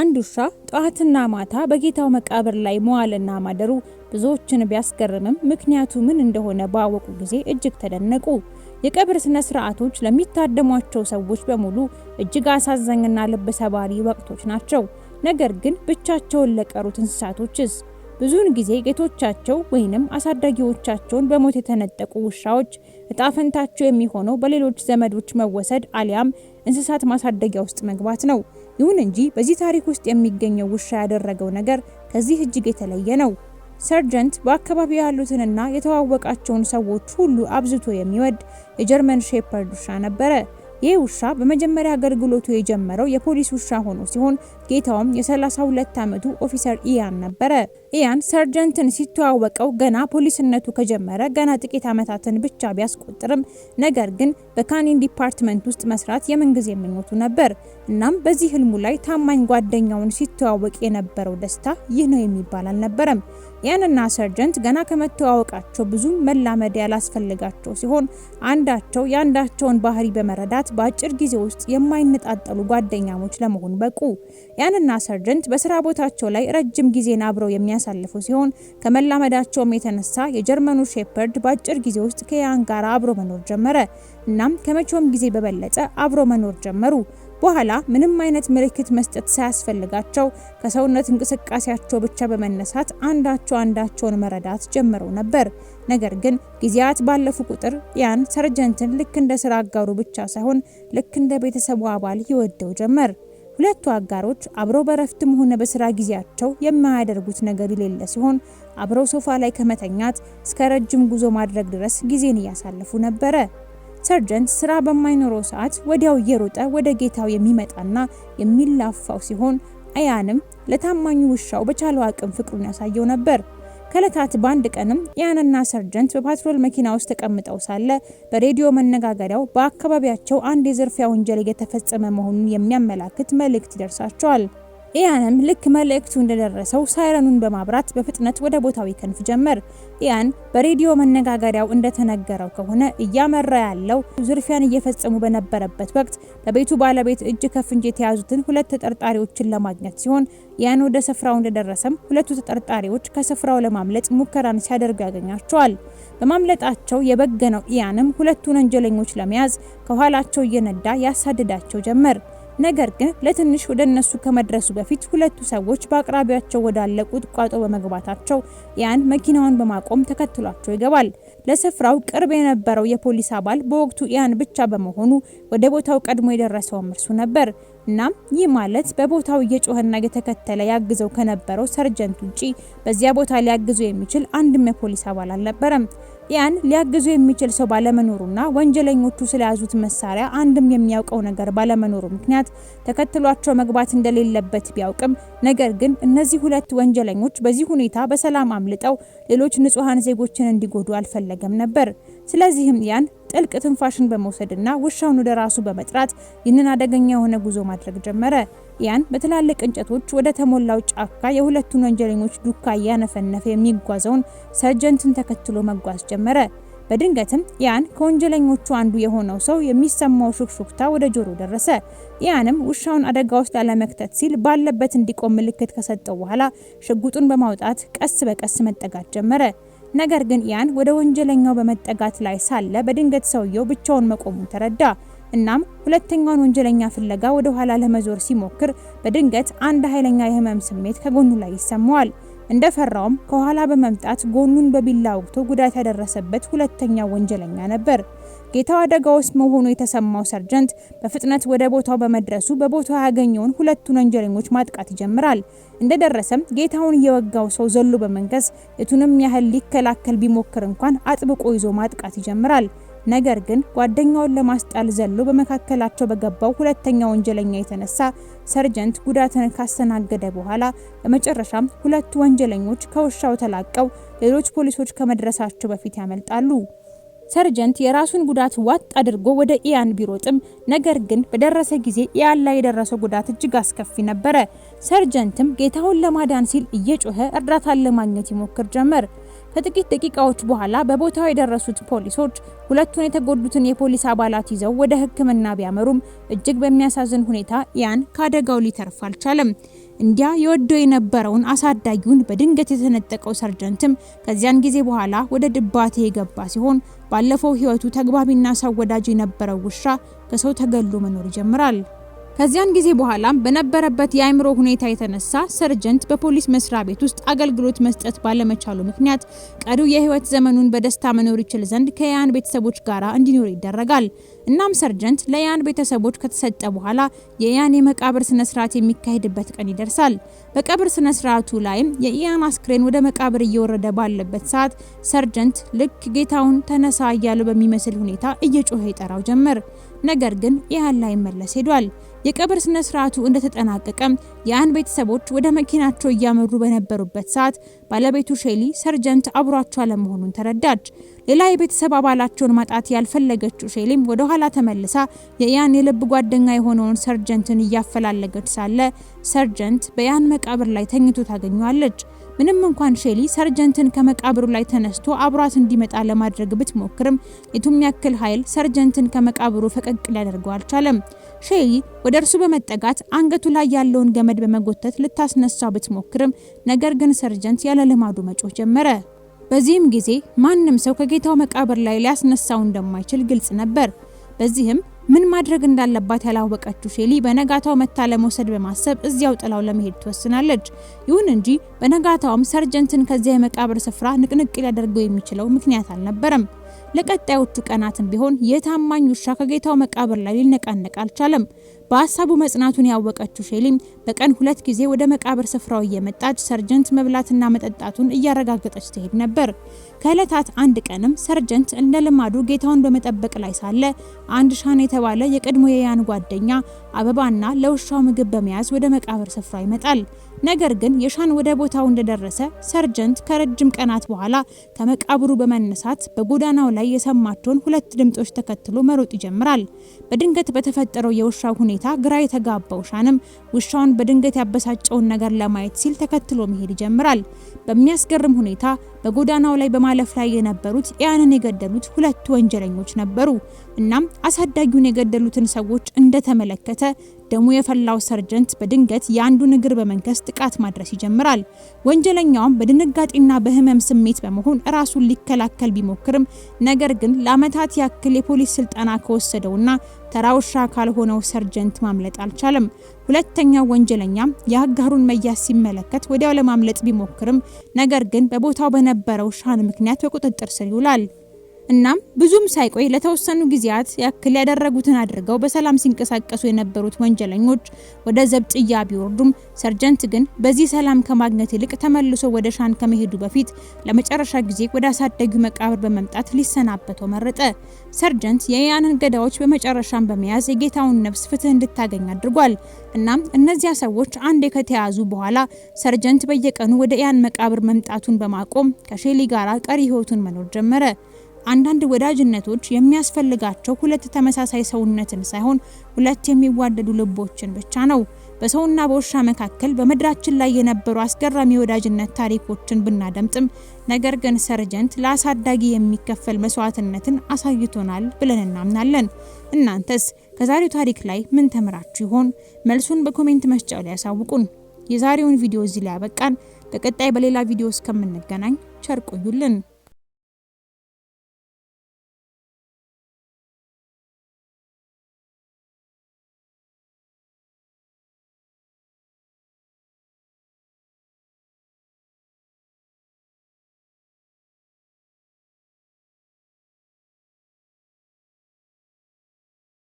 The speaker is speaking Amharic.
አንድ ውሻ ጠዋትና ማታ በጌታው መቃብር ላይ መዋልና ማደሩ ብዙዎችን ቢያስገርምም ምክንያቱ ምን እንደሆነ ባወቁ ጊዜ እጅግ ተደነቁ። የቀብር ስነ ስርዓቶች ለሚታደሟቸው ሰዎች በሙሉ እጅግ አሳዛኝና ልብ ሰባሪ ወቅቶች ናቸው። ነገር ግን ብቻቸውን ለቀሩት እንስሳቶችስ? ብዙውን ጊዜ ጌቶቻቸው ወይንም አሳዳጊዎቻቸውን በሞት የተነጠቁ ውሻዎች እጣ ፈንታቸው የሚሆነው በሌሎች ዘመዶች መወሰድ አሊያም እንስሳት ማሳደጊያ ውስጥ መግባት ነው። ይሁን እንጂ በዚህ ታሪክ ውስጥ የሚገኘው ውሻ ያደረገው ነገር ከዚህ እጅግ የተለየ ነው። ሰርጀንት በአካባቢ ያሉትንና የተዋወቃቸውን ሰዎች ሁሉ አብዝቶ የሚወድ የጀርመን ሼፐርድ ውሻ ነበረ። ይህ ውሻ በመጀመሪያ አገልግሎቱ የጀመረው የፖሊስ ውሻ ሆኖ ሲሆን ጌታውም የ32 ዓመቱ ኦፊሰር ኢያን ነበረ። ኢያን ሰርጀንትን ሲተዋወቀው ገና ፖሊስነቱ ከጀመረ ገና ጥቂት ዓመታትን ብቻ ቢያስቆጥርም ነገር ግን በካኒን ዲፓርትመንት ውስጥ መስራት የምንጊዜ ምኞቱ ነበር። እናም በዚህ ህልሙ ላይ ታማኝ ጓደኛውን ሲተዋወቅ የነበረው ደስታ ይህ ነው የሚባል አልነበረም። ያንና ሰርጀንት ገና ከመተዋወቃቸው ብዙ መላመድ ያላስፈልጋቸው ሲሆን አንዳቸው የአንዳቸውን ባህሪ በመረዳት በአጭር ጊዜ ውስጥ የማይነጣጠሉ ጓደኛሞች ለመሆን በቁ። ያንና ሰርጀንት በስራ ቦታቸው ላይ ረጅም ጊዜን አብረው የሚያሳልፉ ሲሆን ከመላመዳቸውም የተነሳ የጀርመኑ ሼፐርድ በአጭር ጊዜ ውስጥ ከያን ጋር አብሮ መኖር ጀመረ። እናም ከመቼውም ጊዜ በበለጠ አብሮ መኖር ጀመሩ። በኋላ ምንም አይነት ምልክት መስጠት ሳያስፈልጋቸው ከሰውነት እንቅስቃሴያቸው ብቻ በመነሳት አንዳቸው አንዳቸውን መረዳት ጀምረው ነበር። ነገር ግን ጊዜያት ባለፉ ቁጥር ያን ሰርጀንትን ልክ እንደ ስራ አጋሩ ብቻ ሳይሆን ልክ እንደ ቤተሰቡ አባል ይወደው ጀመር። ሁለቱ አጋሮች አብረው በረፍትም ሆነ በስራ ጊዜያቸው የማያደርጉት ነገር የሌለ ሲሆን አብረው ሶፋ ላይ ከመተኛት እስከ ረጅም ጉዞ ማድረግ ድረስ ጊዜን እያሳለፉ ነበረ። ሰርጀንት ስራ በማይኖረው ሰዓት ወዲያው እየሮጠ ወደ ጌታው የሚመጣና የሚላፋው ሲሆን አያንም ለታማኙ ውሻው በቻለው አቅም ፍቅሩን ያሳየው ነበር። ከለታት በአንድ ቀንም ያንና ሰርጀንት በፓትሮል መኪና ውስጥ ተቀምጠው ሳለ በሬዲዮ መነጋገሪያው በአካባቢያቸው አንድ የዝርፊያ ወንጀል እየተፈጸመ መሆኑን የሚያመላክት መልእክት ይደርሳቸዋል። ኢያንም ልክ መልእክቱ እንደደረሰው ሳይረኑን በማብራት በፍጥነት ወደ ቦታው ይከንፍ ጀመር። ኢያን በሬዲዮ መነጋገሪያው እንደተነገረው ከሆነ እያመራ ያለው ዝርፊያን እየፈጸሙ በነበረበት ወቅት በቤቱ ባለቤት እጅ ከፍንጅ የተያዙትን ሁለት ተጠርጣሪዎችን ለማግኘት ሲሆን ኢያን ወደ ስፍራው እንደደረሰም ሁለቱ ተጠርጣሪዎች ከስፍራው ለማምለጥ ሙከራን ሲያደርጉ ያገኛቸዋል። በማምለጣቸው የበገነው ኢያንም ሁለቱን ወንጀለኞች ለመያዝ ከኋላቸው እየነዳ ያሳድዳቸው ጀመር። ነገር ግን ለትንሽ ወደ እነሱ ከመድረሱ በፊት ሁለቱ ሰዎች በአቅራቢያቸው ወዳለ ቁጥቋጦ በመግባታቸው ያን መኪናውን በማቆም ተከትሏቸው ይገባል። ለስፍራው ቅርብ የነበረው የፖሊስ አባል በወቅቱ ያን ብቻ በመሆኑ ወደ ቦታው ቀድሞ የደረሰውም እርሱ ነበር። እናም ይህ ማለት በቦታው እየጮኸና እየተከተለ ያግዘው ከነበረው ሰርጀንት ውጪ በዚያ ቦታ ሊያግዙ የሚችል አንድም የፖሊስ አባል አልነበረም። ያን ሊያግዙ የሚችል ሰው ባለመኖሩና ወንጀለኞቹ ስለያዙት መሳሪያ አንድም የሚያውቀው ነገር ባለመኖሩ ምክንያት ተከትሏቸው መግባት እንደሌለበት ቢያውቅም፣ ነገር ግን እነዚህ ሁለት ወንጀለኞች በዚህ ሁኔታ በሰላም አምልጠው ሌሎች ንጹሐን ዜጎችን እንዲጎዱ አልፈለገም ነበር። ስለዚህም ያን ጥልቅ ትንፋሽን በመውሰድና ውሻውን ወደ ራሱ በመጥራት ይህንን አደገኛ የሆነ ጉዞ ማድረግ ጀመረ። ያን በትላልቅ እንጨቶች ወደ ተሞላው ጫካ የሁለቱን ወንጀለኞች ዱካ እያነፈነፈ የሚጓዘውን ሰርጀንትን ተከትሎ መጓዝ ጀመረ። በድንገትም ያን ከወንጀለኞቹ አንዱ የሆነው ሰው የሚሰማው ሹክሹክታ ወደ ጆሮ ደረሰ። ያንም ውሻውን አደጋ ውስጥ አለመክተት ሲል ባለበት እንዲቆም ምልክት ከሰጠው በኋላ ሽጉጡን በማውጣት ቀስ በቀስ መጠጋት ጀመረ። ነገር ግን ያን ወደ ወንጀለኛው በመጠጋት ላይ ሳለ በድንገት ሰውየው ብቻውን መቆሙን ተረዳ። እናም ሁለተኛውን ወንጀለኛ ፍለጋ ወደ ኋላ ለመዞር ሲሞክር በድንገት አንድ ኃይለኛ የህመም ስሜት ከጎኑ ላይ ይሰማዋል። እንደፈራውም ከኋላ በመምጣት ጎኑን በቢላ ወግቶ ጉዳት ያደረሰበት ሁለተኛው ወንጀለኛ ነበር። ጌታው አደጋ ውስጥ መሆኑ የተሰማው ሰርጀንት በፍጥነት ወደ ቦታው በመድረሱ በቦታው ያገኘውን ሁለቱን ወንጀለኞች ማጥቃት ይጀምራል። እንደደረሰም ጌታውን የወጋው ሰው ዘሎ በመንከስ የቱንም ያህል ሊከላከል ቢሞክር እንኳን አጥብቆ ይዞ ማጥቃት ይጀምራል። ነገር ግን ጓደኛውን ለማስጣል ዘሎ በመካከላቸው በገባው ሁለተኛ ወንጀለኛ የተነሳ ሰርጀንት ጉዳትን ካስተናገደ በኋላ በመጨረሻም ሁለቱ ወንጀለኞች ከውሻው ተላቀው ሌሎች ፖሊሶች ከመድረሳቸው በፊት ያመልጣሉ። ሰርጀንት የራሱን ጉዳት ዋጥ አድርጎ ወደ ኢያን ቢሮጥም ነገር ግን በደረሰ ጊዜ ኢያን ላይ የደረሰው ጉዳት እጅግ አስከፊ ነበረ። ሰርጀንትም ጌታውን ለማዳን ሲል እየጮኸ እርዳታን ለማግኘት ይሞክር ጀመር። ከጥቂት ደቂቃዎች በኋላ በቦታው የደረሱት ፖሊሶች ሁለቱን የተጎዱትን የፖሊስ አባላት ይዘው ወደ ሕክምና ቢያመሩም እጅግ በሚያሳዝን ሁኔታ ኢያን ከአደጋው ሊተርፍ አልቻለም። እንዲያ የወደው የነበረውን አሳዳጊውን በድንገት የተነጠቀው ሰርጀንትም ከዚያን ጊዜ በኋላ ወደ ድባቴ የገባ ሲሆን ባለፈው ህይወቱ ተግባቢና ሰው ወዳጅ የነበረው ውሻ ከሰው ተገሎ መኖር ይጀምራል። ከዚያን ጊዜ በኋላም በነበረበት የአእምሮ ሁኔታ የተነሳ ሰርጀንት በፖሊስ መስሪያ ቤት ውስጥ አገልግሎት መስጠት ባለመቻሉ ምክንያት ቀሪው የህይወት ዘመኑን በደስታ መኖር ይችል ዘንድ ከያን ቤተሰቦች ጋር እንዲኖር ይደረጋል። እናም ሰርጀንት ለያን ቤተሰቦች ከተሰጠ በኋላ የያን የመቃብር ስነ ስርዓት የሚካሄድበት ቀን ይደርሳል። በቀብር ስነ ስርዓቱ ላይም የኢያን አስክሬን ወደ መቃብር እየወረደ ባለበት ሰዓት ሰርጀንት ልክ ጌታውን ተነሳ እያለ በሚመስል ሁኔታ እየጮኸ ይጠራው ጀመር። ነገር ግን ላይ ላይመለስ ሄዷል። የቀብር ስነ ስርዓቱ እንደተጠናቀቀም የአንድ ቤተሰቦች ወደ መኪናቸው እያመሩ በነበሩበት ሰዓት ባለቤቱ ሼሊ ሰርጀንት አብሯቸው አለመሆኑን ተረዳች። ሌላ የቤተሰብ አባላቸውን ማጣት ያልፈለገችው ሼሊም ወደ ኋላ ተመልሳ የኢያን የልብ ጓደኛ የሆነውን ሰርጀንትን እያፈላለገች ሳለ ሰርጀንት በኢያን መቃብር ላይ ተኝቶ ታገኘዋለች። ምንም እንኳን ሼሊ ሰርጀንትን ከመቃብሩ ላይ ተነስቶ አብሯት እንዲመጣ ለማድረግ ብትሞክርም የቱም ያክል ኃይል ሰርጀንትን ከመቃብሩ ፈቀቅ ሊያደርገው አልቻለም። ሼሊ ወደ እርሱ በመጠጋት አንገቱ ላይ ያለውን ገመድ በመጎተት ልታስነሳው ብትሞክርም ነገር ግን ሰርጀንት ያለ ልማዱ መጮህ ጀመረ። በዚህም ጊዜ ማንም ሰው ከጌታው መቃብር ላይ ሊያስነሳው እንደማይችል ግልጽ ነበር። በዚህም ምን ማድረግ እንዳለባት ያላወቀችው ሼሊ በነጋታው መታ ለመውሰድ በማሰብ እዚያው ጥላው ለመሄድ ትወስናለች። ይሁን እንጂ በነጋታውም ሰርጀንትን ከዚያ የመቃብር ስፍራ ንቅንቅ ሊያደርገው የሚችለው ምክንያት አልነበረም። ለቀጣዮቹ ቀናትም ቢሆን የታማኝ ውሻ ከጌታው መቃብር ላይ ሊነቃነቅ አልቻለም። በሀሳቡ መጽናቱን ያወቀችው ሼሊም በቀን ሁለት ጊዜ ወደ መቃብር ስፍራው እየመጣች ሰርጀንት መብላትና መጠጣቱን እያረጋገጠች ትሄድ ነበር። ከእለታት አንድ ቀንም ሰርጀንት እንደ ልማዱ ጌታውን በመጠበቅ ላይ ሳለ አንድ ሻን የተባለ የቀድሞ የያን ጓደኛ አበባና ለውሻው ምግብ በመያዝ ወደ መቃብር ስፍራ ይመጣል። ነገር ግን የሻን ወደ ቦታው እንደደረሰ ሰርጀንት ከረጅም ቀናት በኋላ ከመቃብሩ በመነሳት በጎዳናው ላይ የሰማቸውን ሁለት ድምጦች ተከትሎ መሮጥ ይጀምራል። በድንገት በተፈጠረው የውሻው ሁኔታ ግራ የተጋባው ሻንም ውሻውን በድንገት ያበሳጨውን ነገር ለማየት ሲል ተከትሎ መሄድ ይጀምራል። በሚያስገርም ሁኔታ በጎዳናው ላይ በማ ማለፍ ላይ የነበሩት ያንን የገደሉት ሁለት ወንጀለኞች ነበሩ። እናም አሳዳጊውን የገደሉትን ሰዎች እንደተመለከተ ደሙ የፈላው ሰርጀንት በድንገት የአንዱን እግር በመንከስ ጥቃት ማድረስ ይጀምራል። ወንጀለኛውም በድንጋጤና በህመም ስሜት በመሆን ራሱን ሊከላከል ቢሞክርም ነገር ግን ለአመታት ያክል የፖሊስ ስልጠና ከወሰደውና ተራ ውሻ ካልሆነው ሰርጀንት ማምለጥ አልቻለም። ሁለተኛው ወንጀለኛ የአጋሩን መያዝ ሲመለከት ወዲያው ለማምለጥ ቢሞክርም ነገር ግን በቦታው በነበረው ሻን ምክንያት በቁጥጥር ስር ይውላል። እናም ብዙም ሳይቆይ ለተወሰኑ ጊዜያት ያክል ያደረጉትን አድርገው በሰላም ሲንቀሳቀሱ የነበሩት ወንጀለኞች ወደ ዘብጥያ ቢወርዱም ሰርጀንት ግን በዚህ ሰላም ከማግኘት ይልቅ ተመልሶ ወደ ሻን ከመሄዱ በፊት ለመጨረሻ ጊዜ ወደ አሳዳጊው መቃብር በመምጣት ሊሰናበተው መረጠ። ሰርጀንት የያንን ገዳዎች በመጨረሻም በመያዝ የጌታውን ነፍስ ፍትህ እንድታገኝ አድርጓል። እናም እነዚያ ሰዎች አንዴ ከተያዙ በኋላ ሰርጀንት በየቀኑ ወደ ያን መቃብር መምጣቱን በማቆም ከሼሊ ጋር ቀሪ ህይወቱን መኖር ጀመረ። አንዳንድ ወዳጅነቶች የሚያስፈልጋቸው ሁለት ተመሳሳይ ሰውነትን ሳይሆን ሁለት የሚዋደዱ ልቦችን ብቻ ነው። በሰውና በውሻ መካከል በምድራችን ላይ የነበሩ አስገራሚ ወዳጅነት ታሪኮችን ብናደምጥም ነገር ግን ሰርጀንት ለአሳዳጊ የሚከፈል መስዋዕትነትን አሳይቶናል ብለን እናምናለን። እናንተስ ከዛሬው ታሪክ ላይ ምን ተምራችሁ ይሆን? መልሱን በኮሜንት መስጫው ላይ ያሳውቁን። የዛሬውን ቪዲዮ እዚህ ላይ ያበቃን። በቀጣይ በሌላ ቪዲዮ እስከምንገናኝ ቸር ቆዩልን።